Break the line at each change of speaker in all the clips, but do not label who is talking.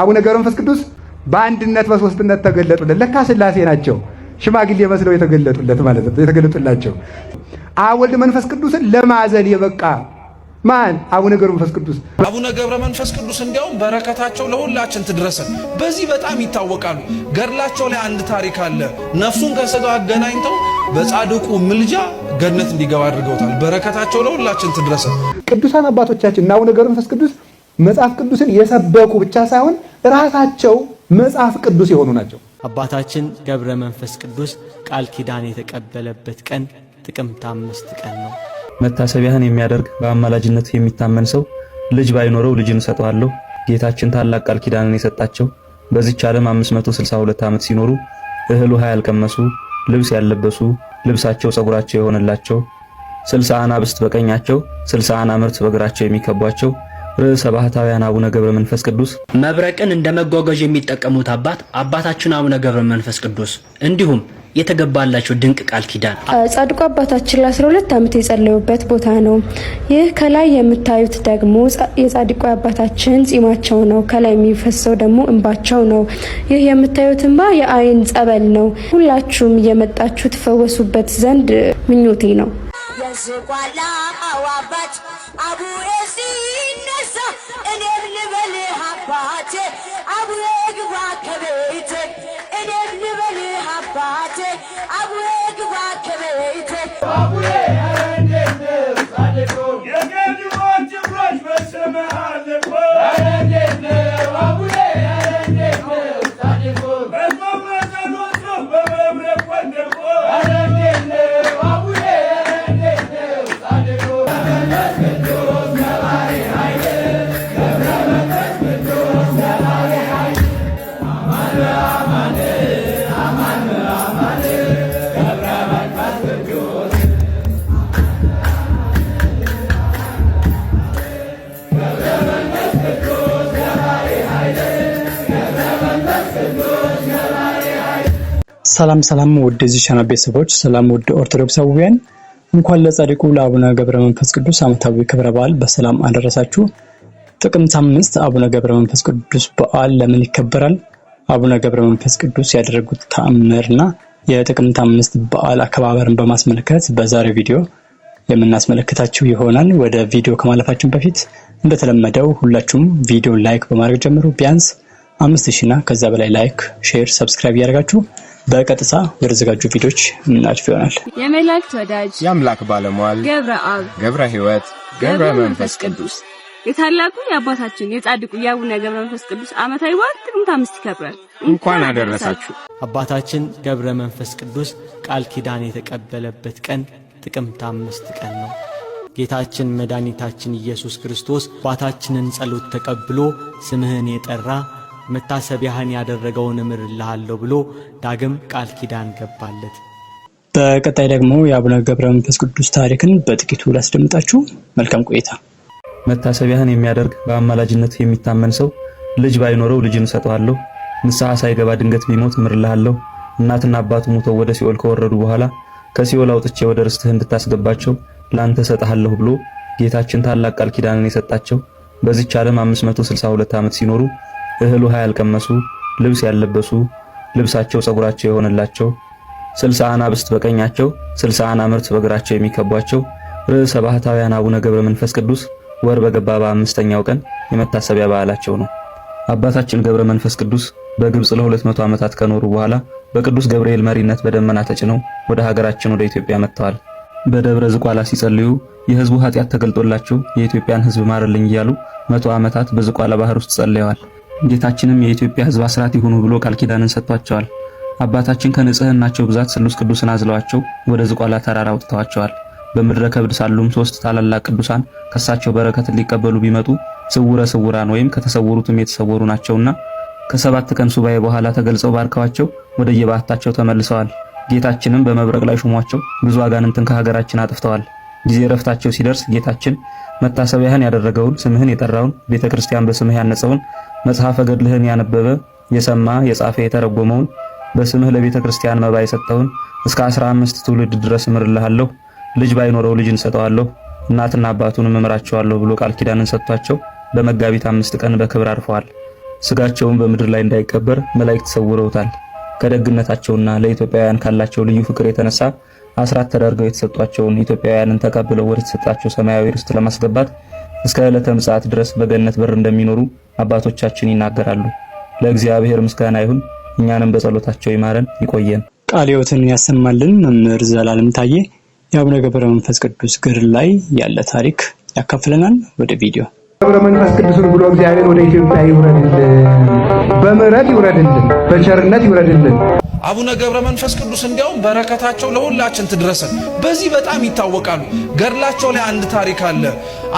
አቡነ ገብረ መንፈስ ቅዱስ በአንድነት በሶስትነት ተገለጡለት። ለካ ስላሴ ናቸው ሽማግሌ መስለው የተገለጡለት ማለት ነው። የተገለጡላቸው አብ ወልድ መንፈስ ቅዱስን ለማዘል የበቃ ማን? አቡነ ገብረ መንፈስ ቅዱስ። አቡነ ገብረ መንፈስ ቅዱስ እንዲያውም በረከታቸው ለሁላችን ትድረሰን። በዚህ በጣም ይታወቃሉ። ገድላቸው ላይ አንድ ታሪክ አለ። ነፍሱን ከሥጋው አገናኝተው በጻድቁ ምልጃ ገነት እንዲገባ አድርገውታል። በረከታቸው ለሁላችን ትድረሰን። ቅዱሳን አባቶቻችን እና አቡነ ገብረ መንፈስ ቅዱስ መጽሐፍ ቅዱስን የሰበኩ ብቻ ሳይሆን ራሳቸው መጽሐፍ ቅዱስ የሆኑ ናቸው።
አባታችን ገብረ መንፈስ ቅዱስ ቃል ኪዳን የተቀበለበት ቀን ጥቅምት አምስት ቀን ነው።
መታሰቢያህን የሚያደርግ በአማላጅነት የሚታመን ሰው ልጅ ባይኖረው ልጅን እሰጠዋለሁ። ጌታችን ታላቅ ቃል ኪዳንን የሰጣቸው በዚች ዓለም 562 ዓመት ሲኖሩ እህል ውሃ ያልቀመሱ፣ ልብስ ያለበሱ ልብሳቸው ፀጉራቸው የሆነላቸው፣ ስልሳ አናብስት በቀኛቸው ስልሳ አናምርት በግራቸው የሚከቧቸው ርዕሰ ባህታውያን አቡነ ገብረ መንፈስ ቅዱስ
መብረቅን እንደ መጓጓዥ የሚጠቀሙት አባት አባታችን አቡነ ገብረ መንፈስ ቅዱስ እንዲሁም የተገባላቸው ድንቅ ቃል ኪዳን
ጻድቁ አባታችን ለ12 ዓመት የጸለዩበት ቦታ ነው። ይህ ከላይ የምታዩት ደግሞ የጻድቁ አባታችን ጺማቸው ነው። ከላይ የሚፈሰው ደግሞ እንባቸው ነው። ይህ የምታዩት እንባ የአይን ጸበል ነው። ሁላችሁም እየመጣችሁ ትፈወሱበት ዘንድ ምኞቴ ነው። abweeg waa kabeeyte ineg nibali habbaay
ሰላም ሰላም ውድ የዚህ ቻናል ቤተሰቦች፣ ሰላም ውድ ኦርቶዶክሳውያን፣ እንኳን ለጻድቁ ለአቡነ ገብረ መንፈስ ቅዱስ ዓመታዊ ክብረ በዓል በሰላም አደረሳችሁ። ጥቅምት አምስት አቡነ ገብረ መንፈስ ቅዱስ በዓል ለምን ይከበራል? አቡነ ገብረ መንፈስ ቅዱስ ያደረጉት ተአምርና የጥቅምት አምስት በዓል አከባበርን በማስመልከት በዛሬው ቪዲዮ የምናስመለከታችሁ ይሆናል። ወደ ቪዲዮ ከማለፋችን በፊት እንደተለመደው ሁላችሁም ቪዲዮ ላይክ በማድረግ ጀምሩ። ቢያንስ አምስት ሺና ከዛ በላይ ላይክ፣ ሼር፣ ሰብስክራይብ እያደረጋችሁ በቀጥታ ወደ ቪዲዮች የምናልፍ ይሆናል።
የመላእክት ወዳጅ
የአምላክ ባለሟል ገብረ አብ፣ ገብረ ሕይወት፣
ገብረ መንፈስ ቅዱስ የታላቁ የአባታችን የጻድቁ የአቡነ ገብረ መንፈስ ቅዱስ ዓመታዊ በዓል ጥቅምት አምስት ይከብራል።
እንኳን አደረሳችሁ።
አባታችን ገብረ መንፈስ ቅዱስ ቃል ኪዳን የተቀበለበት ቀን ጥቅምት አምስት ቀን ነው። ጌታችን መድኃኒታችን ኢየሱስ ክርስቶስ አባታችንን ጸሎት ተቀብሎ ስምህን የጠራ መታሰቢያህን ያደረገውን እምርልሃለሁ ብሎ ዳግም ቃል ኪዳን ገባለት።
በቀጣይ ደግሞ የአቡነ ገብረ መንፈስ ቅዱስ ታሪክን በጥቂቱ ላስደምጣችሁ። መልካም ቆይታ። መታሰቢያህን የሚያደርግ በአማላጅነት የሚታመን ሰው ልጅ ባይኖረው ልጅን እሰጠዋለሁ፣ ንስሐ ሳይገባ ድንገት ቢሞት እምርልሃለሁ፣ እናትና አባቱ ሙተው ወደ ሲኦል ከወረዱ በኋላ ከሲኦል አውጥቼ ወደ ርስትህ እንድታስገባቸው ላንተ እሰጥሃለሁ ብሎ ጌታችን ታላቅ ቃል ኪዳንን የሰጣቸው በዚች ዓለም 562 ዓመት ሲኖሩ እህል ውሃ ያልቀመሱ ልብስ ያለበሱ ልብሳቸው ጸጉራቸው የሆነላቸው ስልሳ አናብስት በቀኛቸው ስልሳ አናምርት በግራቸው የሚከቧቸው ርዕሰ ባህታውያን አቡነ ገብረ መንፈስ ቅዱስ ወር በገባ በአምስተኛው ቀን የመታሰቢያ በዓላቸው ነው። አባታችን ገብረ መንፈስ ቅዱስ በግብጽ ለሁለት መቶ ዓመታት ከኖሩ በኋላ በቅዱስ ገብርኤል መሪነት በደመና ተጭነው ወደ ሀገራችን ወደ ኢትዮጵያ መጥተዋል። በደብረ ዝቋላ ሲጸልዩ የህዝቡ ኃጢአት ተገልጦላቸው የኢትዮጵያን ህዝብ ማርልኝ እያሉ መቶ ዓመታት በዝቋላ ባህር ውስጥ ጸልየዋል። ጌታችንም የኢትዮጵያ ሕዝብ አስራት ይሁኑ ብሎ ቃል ኪዳንን ሰጥቷቸዋል። አባታችን ከንጽህናቸው ብዛት ስሉስ ቅዱስን አዝለዋቸው ወደ ዝቋላ ተራራ አውጥተዋቸዋል። በምድረ ከብድ ሳሉም ሶስት ታላላቅ ቅዱሳን ከሳቸው በረከት ሊቀበሉ ቢመጡ ስውረ ስውራን ወይም ከተሰወሩትም የተሰወሩ ናቸውና ከሰባት ቀን ሱባኤ በኋላ ተገልጸው ባርከዋቸው ወደ የባህታቸው ተመልሰዋል። ጌታችንም በመብረቅ ላይ ሹሟቸው ብዙ አጋንንትን ከሀገራችን አጥፍተዋል። ጊዜ እረፍታቸው ሲደርስ ጌታችን መታሰቢያህን ያደረገውን ስምህን የጠራውን ቤተ ክርስቲያን በስምህ ያነጸውን መጽሐፈ ገድልህን ያነበበ የሰማ የጻፈ የተረጎመውን በስምህ ለቤተ ክርስቲያን መባ የሰጠውን እስከ አስራ አምስት ትውልድ ድረስ እምርልሃለሁ፣ ልጅ ባይኖረው ልጅ እንሰጠዋለሁ፣ እናትና አባቱን እምራቸዋለሁ ብሎ ቃል ኪዳንን ሰጥቷቸው በመጋቢት አምስት ቀን በክብር አርፈዋል። ስጋቸውን በምድር ላይ እንዳይቀበር መላእክት ሰውረውታል። ከደግነታቸውና ለኢትዮጵያውያን ካላቸው ልዩ ፍቅር የተነሳ አስራት ተደርገው የተሰጧቸውን ኢትዮጵያውያንን ተቀብለው ወደ ተሰጣቸው ሰማያዊ ርስት ለማስገባት እስከ ዕለተ ምጽአት ድረስ በገነት በር እንደሚኖሩ አባቶቻችን ይናገራሉ። ለእግዚአብሔር ምስጋና ይሁን። እኛንም በጸሎታቸው ይማረን ይቆየን።
ቃለ ሕይወትን ያሰማልን መምህር ዘላለም ታዬ የአቡነ ገብረ መንፈስ ቅዱስ ገድል ላይ ያለ ታሪክ ያካፍለናል። ወደ ቪዲዮ
ገብረ መንፈስ ቅዱስን ብሎ እግዚአብሔር ወደ ኢትዮጵያ ይውረድልን በምሕረት ይውረድልን፣ በቸርነት ይውረድልን። አቡነ ገብረ መንፈስ ቅዱስ እንዲያውም በረከታቸው ለሁላችን ትድረሰን። በዚህ በጣም ይታወቃሉ። ገድላቸው ላይ አንድ ታሪክ አለ።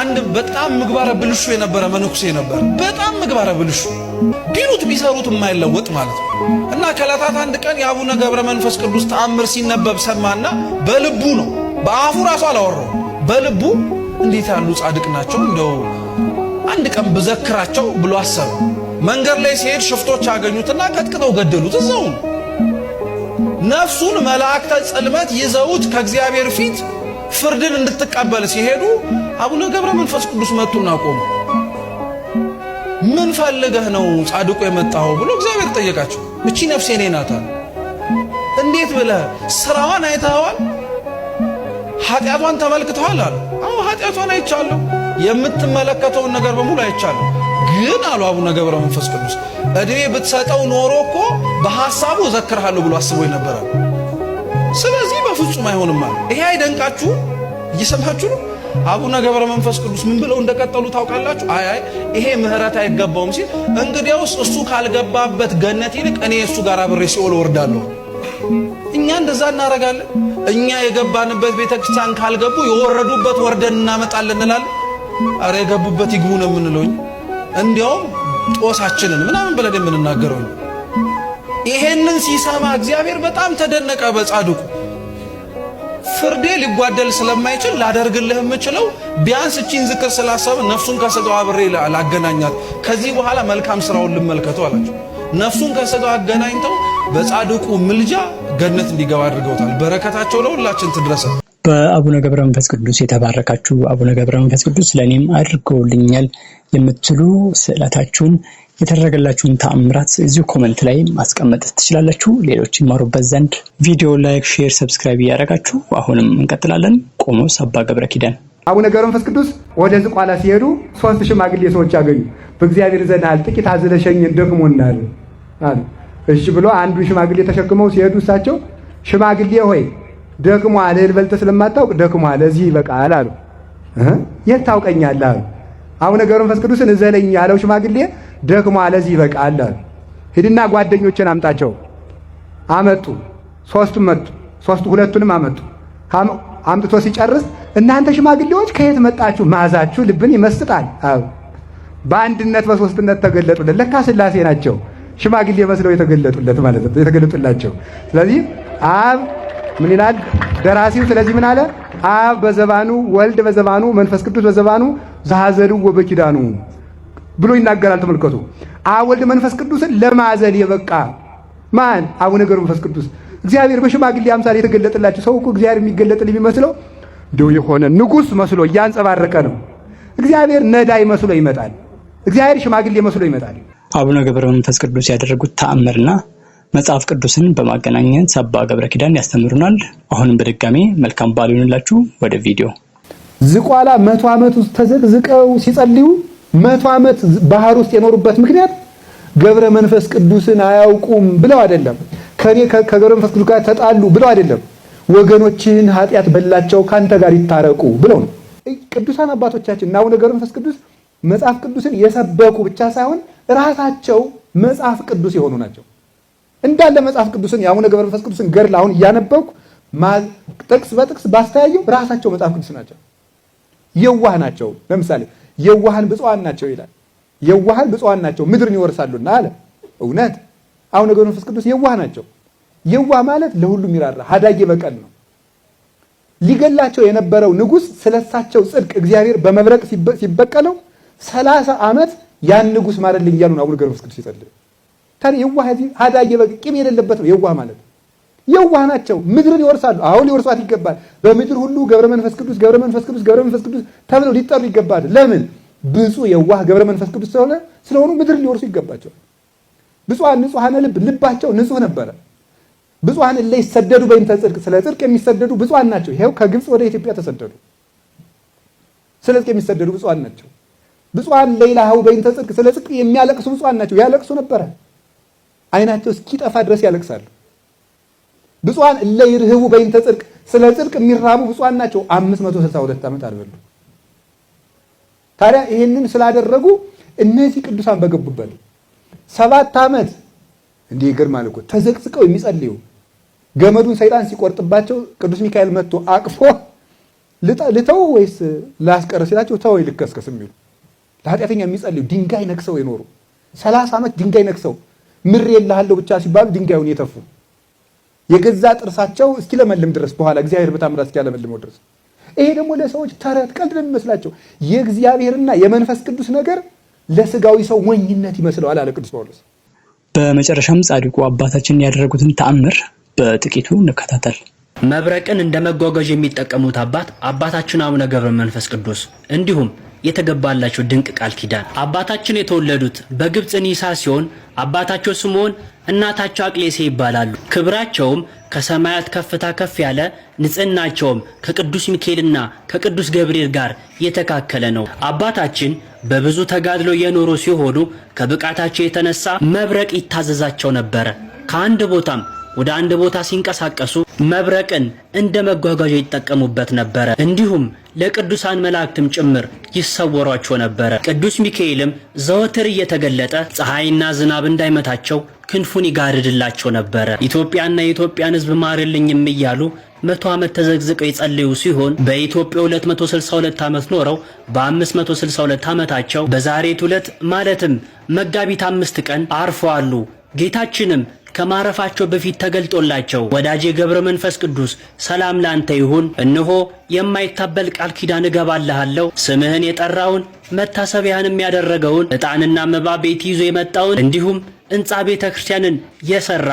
አንድ በጣም ምግባረ ብልሹ የነበረ መነኩሴ ነበር። በጣም ምግባረ ብልሹ ቢሉት ቢሰሩት የማይለወጥ ማለት ነው እና ከዕለታት አንድ ቀን የአቡነ ገብረ መንፈስ ቅዱስ ተአምር ሲነበብ ሰማና በልቡ ነው፣ በአፉ ራሱ አላወራው፣ በልቡ እንዴት ያሉ ጻድቅ ናቸው፣ እንደው አንድ ቀን ብዘክራቸው ብሎ አሰበ። መንገድ ላይ ሲሄድ ሽፍቶች አገኙትና ቀጥቅጠው ገደሉት። እዛው ነፍሱን መላእክተ ጽልመት ይዘውት ከእግዚአብሔር ፊት ፍርድን እንድትቀበል ሲሄዱ አቡነ ገብረ መንፈስ ቅዱስ መጡና ቆሙ። ምን ፈልገህ ነው ጻድቁ የመጣው ብሎ እግዚአብሔር ጠየቃቸው። እቺ ነፍሴ እኔ ናታ። እንዴት ብለህ ስራዋን አይተኸዋል? ኃጢአቷን ተመልክተዋል አሉ። አዎ ኃጢአቷን አይቻለሁ። የምትመለከተውን ነገር በሙሉ አይቻለሁ። ግን አሉ አቡነ ገብረ መንፈስ ቅዱስ እድሜ ብትሰጠው ኖሮ እኮ በሐሳቡ እዘክርሃለሁ ብሎ አስቦ ነበረ። ስለዚህ በፍጹም አይሆንም አለ። ይሄ አይደንቃችሁም? እየሰማችሁ ነው። አቡነ ገብረ መንፈስ ቅዱስ ምን ብለው እንደቀጠሉ ታውቃላችሁ? አይ አይ ይሄ ምህረት አይገባውም ሲል እንግዲያውስ እሱ ካልገባበት ገነት ይልቅ እኔ እሱ ጋር አብሬ ሲኦል ወርዳለሁ። እኛ እንደዛ እናረጋለን። እኛ የገባንበት ቤተክርስቲያን ካልገቡ የወረዱበት ወርደን እናመጣለን እንላለን። አረ የገቡበት ይግቡ ነው የምንለው። እንዲያውም ጦሳችንን ምናምን ብለን የምንናገረው ነው። ይሄንን ሲሰማ እግዚአብሔር በጣም ተደነቀ። በጻድቁ ፍርዴ ሊጓደል ስለማይችል ላደርግልህ የምችለው ቢያንስ እቺን ዝክር ስላሰብ ነፍሱን ከሥጋዋ አብሬ ላገናኛት፣ ከዚህ በኋላ መልካም ስራውን ልመልከተው አላቸው። ነፍሱን ከሥጋው አገናኝተው በጻድቁ ምልጃ ገነት እንዲገባ አድርገውታል። በረከታቸው ለሁላችን ትድረሰ።
በአቡነ ገብረ መንፈስ ቅዱስ የተባረካችሁ አቡነ ገብረ መንፈስ ቅዱስ ለእኔም አድርገውልኛል የምትሉ ስዕለታችሁን የተደረገላችሁን ተአምራት እዚሁ ኮመንት ላይ ማስቀመጥ ትችላላችሁ። ሌሎች ይማሩበት ዘንድ ቪዲዮ ላይክ፣ ሼር፣ ሰብስክራይብ እያደረጋችሁ አሁንም እንቀጥላለን። ቆሞስ አባ ገብረ ኪዳን
አቡነ ገብረ መንፈስ ቅዱስ ወደ ዝቋላ ሲሄዱ ሶስት ሽማግሌ ሰዎች አገኙ። በእግዚአብሔር ዘናል ጥቂት አዝለሸኝን ደክሞናል አሉ። እሺ ብሎ አንዱ ሽማግሌ ተሸክመው ሲሄዱ እሳቸው ሽማግሌ ሆይ ደክሟል። እህል በልተህ ስለማታውቅ ደክሟል፣ እዚህ ይበቃል አሉ። የት ታውቀኛለህ አሉ። አቡነ ገብረ መንፈስ ቅዱስን እዘለኝ ያለው ሽማግሌ ደክሟል፣ እዚህ ይበቃል አሉ። ሂድና ጓደኞችን አምጣቸው። አመጡ። ሶስቱም መጡ። ሶስቱ ሁለቱንም አመጡ። አምጥቶ ሲጨርስ እናንተ ሽማግሌዎች ከየት መጣችሁ? ማዛችሁ ልብን ይመስጣል። በአንድነት በሶስትነት ተገለጡለት። ለካ ስላሴ ናቸው ሽማግሌ መስለው የተገለጡለት ማለት ነው የተገለጡላቸው። ስለዚህ አብ ምን ይላል ደራሲው? ስለዚህ ምን አለ? አብ በዘባኑ ወልድ በዘባኑ መንፈስ ቅዱስ በዘባኑ ዘሐዘልዎ ወበኪዳኑ ብሎ ይናገራል። ተመልከቱ። አብ ወልድ መንፈስ ቅዱስን ለማዘል የበቃ ማን? አቡነ ገብረ መንፈስ ቅዱስ። እግዚአብሔር በሽማግሌ አምሳል የተገለጠላቸው ሰው እኮ እግዚአብሔር የሚገለጥል የሚመስለው እንደው የሆነ ንጉሥ መስሎ እያንጸባረቀ ነው። እግዚአብሔር ነዳይ መስሎ ይመጣል። እግዚአብሔር ሽማግሌ መስሎ ይመጣል።
አቡነ ገብረ መንፈስ ቅዱስ ያደረጉት ተአምርና መጽሐፍ ቅዱስን በማገናኘት አባ ገብረ ኪዳን ያስተምሩናል። አሁንም በድጋሜ መልካም በዓል ይሁንላችሁ። ወደ ቪዲዮ
ዝቋላ መቶ ዓመት ውስጥ ተዘቅዝቀው ሲጸልዩ መቶ ዓመት ባህር ውስጥ የኖሩበት ምክንያት ገብረ መንፈስ ቅዱስን አያውቁም ብለው አይደለም። ከኔ ከገብረ መንፈስ ቅዱስ ጋር ተጣሉ ብለው አይደለም። ወገኖችህን ኃጢአት በላቸው ካንተ ጋር ይታረቁ ብለው ነው። ቅዱሳን አባቶቻችን እና አቡነ ገብረ መንፈስ ቅዱስ መጽሐፍ ቅዱስን የሰበኩ ብቻ ሳይሆን ራሳቸው መጽሐፍ ቅዱስ የሆኑ ናቸው። እንዳለ መጽሐፍ ቅዱስን የአቡነ ገብረ መንፈስ ቅዱስን ገድል አሁን እያነበብኩ ጥቅስ በጥቅስ ባስተያየው ራሳቸው መጽሐፍ ቅዱስ ናቸው። የዋህ ናቸው። ለምሳሌ የዋሃን ብፁዓን ናቸው ይላል። የዋሃን ብፁዓን ናቸው ምድርን ይወርሳሉና አለ። እውነት አቡነ ገብረ መንፈስ ቅዱስ የዋህ ናቸው። የዋህ ማለት ለሁሉም ይራራ ሀዳጌ በቀል ነው። ሊገላቸው የነበረው ንጉስ ስለሳቸው ጽድቅ እግዚአብሔር በመብረቅ ሲበቀለው ሰላሳ ዓመት ያን ንጉስ ማረልኝ እያሉ ነው አቡነ ገብረ መንፈስ ቅዱስ ይጸልዩ ታዲያ የዋህ ሀዳ በግ ቂም የሌለበት ነው የዋህ ማለት ነው። የዋህ ናቸው። ምድርን ይወርሳሉ። አሁን ሊወርሷት ይገባል። በምድር ሁሉ ገብረ መንፈስ ቅዱስ ገብረ መንፈስ ቅዱስ ገብረ መንፈስ ቅዱስ ተብለው ሊጠሩ ይገባል። ለምን? ብፁዕ የዋህ ገብረ መንፈስ ቅዱስ ስለሆነ ስለሆኑ ምድርን ሊወርሱ ይገባቸዋል። ብፁዓን ንጹሐነ ልብ ልባቸው ንጹህ ነበረ። ብፁዓን እለ ይሰደዱ በይምተ ጽድቅ ስለ ጽድቅ የሚሰደዱ ብፁዓን ናቸው። ይኸው ከግብፅ ወደ ኢትዮጵያ ተሰደዱ። ስለ ጽድቅ የሚሰደዱ ብፁዓን ናቸው። ብፁዓን እለ ይላሃው ጽድቅ ስለ ጽድቅ የሚያለቅሱ ብፁዓን ናቸው። ያለቅሱ ነበረ። አይናቸው እስኪጠፋ ድረስ ያለቅሳሉ። ብፁዓን እለ ይርህቡ በይንተ ጽድቅ፣ ስለ ጽድቅ የሚራቡ ብፁዓን ናቸው። 562 ዓመት አልበሉ። ታዲያ ይህንን ስላደረጉ እነዚህ ቅዱሳን በገቡበት ሰባት ዓመት እንዲህ ይገርማል እኮ ተዘቅዝቀው የሚጸልዩ ገመዱን ሰይጣን ሲቆርጥባቸው ቅዱስ ሚካኤል መጥቶ አቅፎ ልተው ወይስ ላስቀረ ሲላቸው ተው ይልከስከስ የሚሉ ለኃጢአተኛ የሚጸልዩ ድንጋይ ነክሰው የኖሩ ሰላሳ ዓመት ድንጋይ ነክሰው ምር የለሃለሁ ብቻ ሲባሉ ድንጋዩን የተፉ የገዛ ጥርሳቸው እስኪለመልም ድረስ በኋላ እግዚአብሔር በታምራት እስኪያለመልመው ድረስ ይሄ ደግሞ ለሰዎች ተረት ቀልድ ነው የሚመስላቸው። የእግዚአብሔርና የመንፈስ ቅዱስ ነገር ለስጋዊ ሰው ሞኝነት ይመስለዋል አለ ቅዱስ ጳውሎስ።
በመጨረሻም ጻድቁ አባታችን ያደረጉትን ተአምር በጥቂቱ እንከታተል።
መብረቅን እንደ መጓጓዣ የሚጠቀሙት አባት አባታችን አቡነ ገብረ መንፈስ ቅዱስ እንዲሁም የተገባላቸው ድንቅ ቃል ኪዳን። አባታችን የተወለዱት በግብፅ ኒሳ ሲሆን አባታቸው ስምዖን እናታቸው አቅሌሴ ይባላሉ። ክብራቸውም ከሰማያት ከፍታ ከፍ ያለ፣ ንጽህናቸውም ከቅዱስ ሚካኤልና ከቅዱስ ገብርኤል ጋር የተካከለ ነው። አባታችን በብዙ ተጋድሎ የኖሩ ሲሆኑ ከብቃታቸው የተነሳ መብረቅ ይታዘዛቸው ነበረ። ከአንድ ቦታም ወደ አንድ ቦታ ሲንቀሳቀሱ መብረቅን እንደ መጓጓዣ ይጠቀሙበት ነበረ። እንዲሁም ለቅዱሳን መላእክትም ጭምር ይሰወሯቸው ነበረ። ቅዱስ ሚካኤልም ዘወትር እየተገለጠ ፀሐይና ዝናብ እንዳይመታቸው ክንፉን ይጋርድላቸው ነበረ። ኢትዮጵያና የኢትዮጵያን ሕዝብ ማርልኝም እያሉ መቶ ዓመት ተዘግዝቀው የጸለዩ ሲሆን በኢትዮጵያ 262 ዓመት ኖረው በ562 ዓመታቸው በዛሬት ዕለት ማለትም መጋቢት አምስት ቀን አርፈዋሉ። ጌታችንም ከማረፋቸው በፊት ተገልጦላቸው ወዳጄ ገብረ መንፈስ ቅዱስ ሰላም ላንተ ይሁን፣ እነሆ የማይታበል ቃል ኪዳን እገባልሃለሁ። ስምህን የጠራውን መታሰቢያህንም ያደረገውን ዕጣንና መባ ቤት ይዞ የመጣውን እንዲሁም ሕንፃ ቤተ ክርስቲያንን የሰራ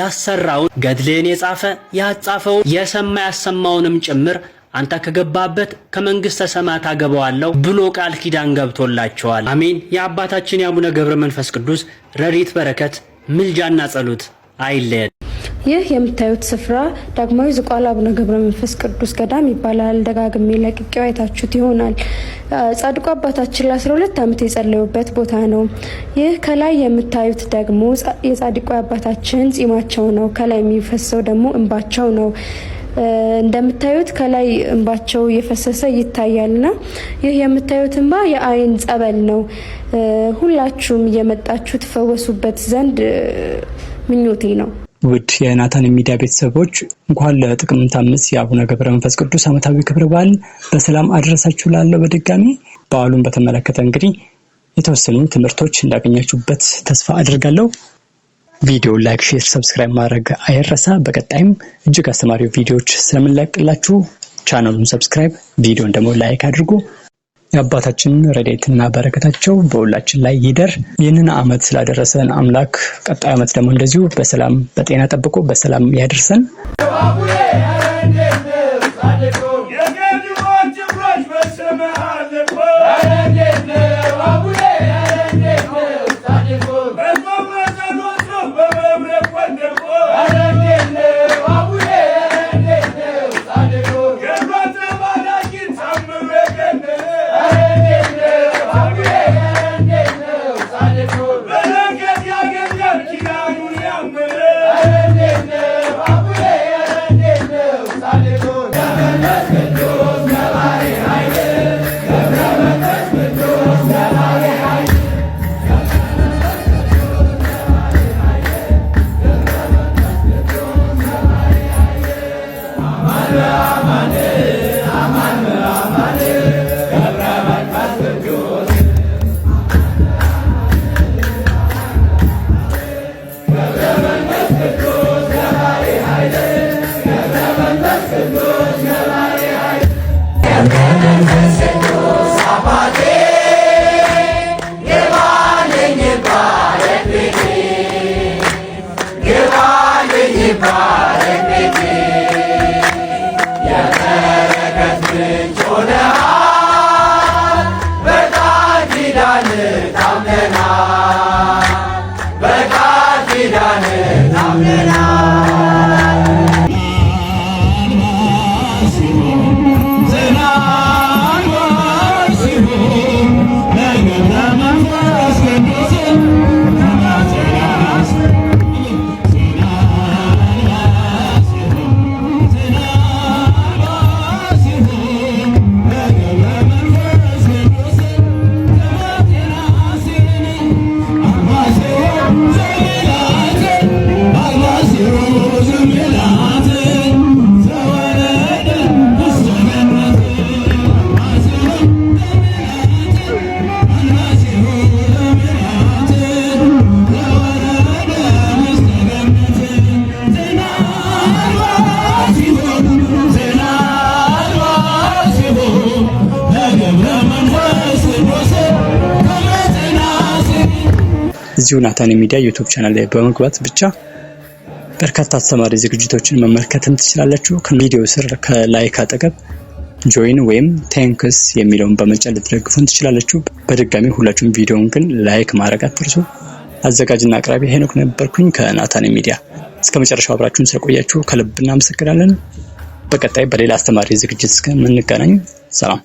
ያሰራውን ገድልህን የጻፈ ያጻፈውን የሰማ ያሰማውንም ጭምር አንተ ከገባበት ከመንግስተ ሰማያት አገባዋለሁ ብሎ ቃል ኪዳን ገብቶላቸዋል። አሜን። የአባታችን የአቡነ ገብረ መንፈስ ቅዱስ ረድኤት በረከት ምልጃና ጸሎት አይለየን።
ይህ የምታዩት ስፍራ ዳግማዊ ዝቋላ አቡነ ገብረ መንፈስ ቅዱስ ገዳም ይባላል። ደጋግሜ ለቅቄው አይታችሁት ይሆናል። ጻድቁ አባታችን ለ12 ዓመት የጸለዩበት ቦታ ነው። ይህ ከላይ የምታዩት ደግሞ የጻድቁ አባታችን ጺማቸው ነው። ከላይ የሚፈሰው ደግሞ እንባቸው ነው። እንደምታዩት ከላይ እንባቸው እየፈሰሰ ይታያልና ይህ የምታዩት እንባ የአይን ጸበል ነው። ሁላችሁም እየመጣችሁ ትፈወሱበት ዘንድ ምኞቴ ነው።
ውድ የናታን ሚዲያ ቤተሰቦች እንኳን ለጥቅምት አምስት የአቡነ ገብረ መንፈስ ቅዱስ ዓመታዊ ክብረ በዓል በሰላም አደረሳችሁ። ላለው በድጋሚ በዓሉን በተመለከተ እንግዲህ የተወሰኑ ትምህርቶች እንዳገኛችሁበት ተስፋ አድርጋለሁ። ቪዲዮውን ላይክ፣ ሼር፣ ሰብስክራይብ ማድረግ አይረሳ። በቀጣይም እጅግ አስተማሪ ቪዲዮዎች ስለምንለቅላችሁ ቻናሉን ሰብስክራይብ፣ ቪዲዮን ደግሞ ላይክ አድርጉ። የአባታችን ረድኤትና በረከታቸው በሁላችን ላይ ይደር። ይህንን ዓመት ስላደረሰን አምላክ ቀጣይ ዓመት ደግሞ እንደዚሁ በሰላም በጤና ጠብቆ በሰላም ያደርሰን። በዚሁ ናታን ሚዲያ ዩቱብ ቻናል ላይ በመግባት ብቻ በርካታ አስተማሪ ዝግጅቶችን መመልከትም ትችላላችሁ። ከቪዲዮ ስር ከላይክ አጠገብ ጆይን ወይም ቴንክስ የሚለውን በመጫን ልትደግፉን ትችላላችሁ። በድጋሚ ሁላችሁም ቪዲዮውን ግን ላይክ ማድረግ አትርሱ። አዘጋጅና አቅራቢ ሄኖክ ነበርኩኝ ከናታን ሚዲያ። እስከ መጨረሻው አብራችሁን ስለቆያችሁ ከልብ እናመሰግናለን። በቀጣይ በሌላ አስተማሪ ዝግጅት እስከምንገናኝ ሰላም።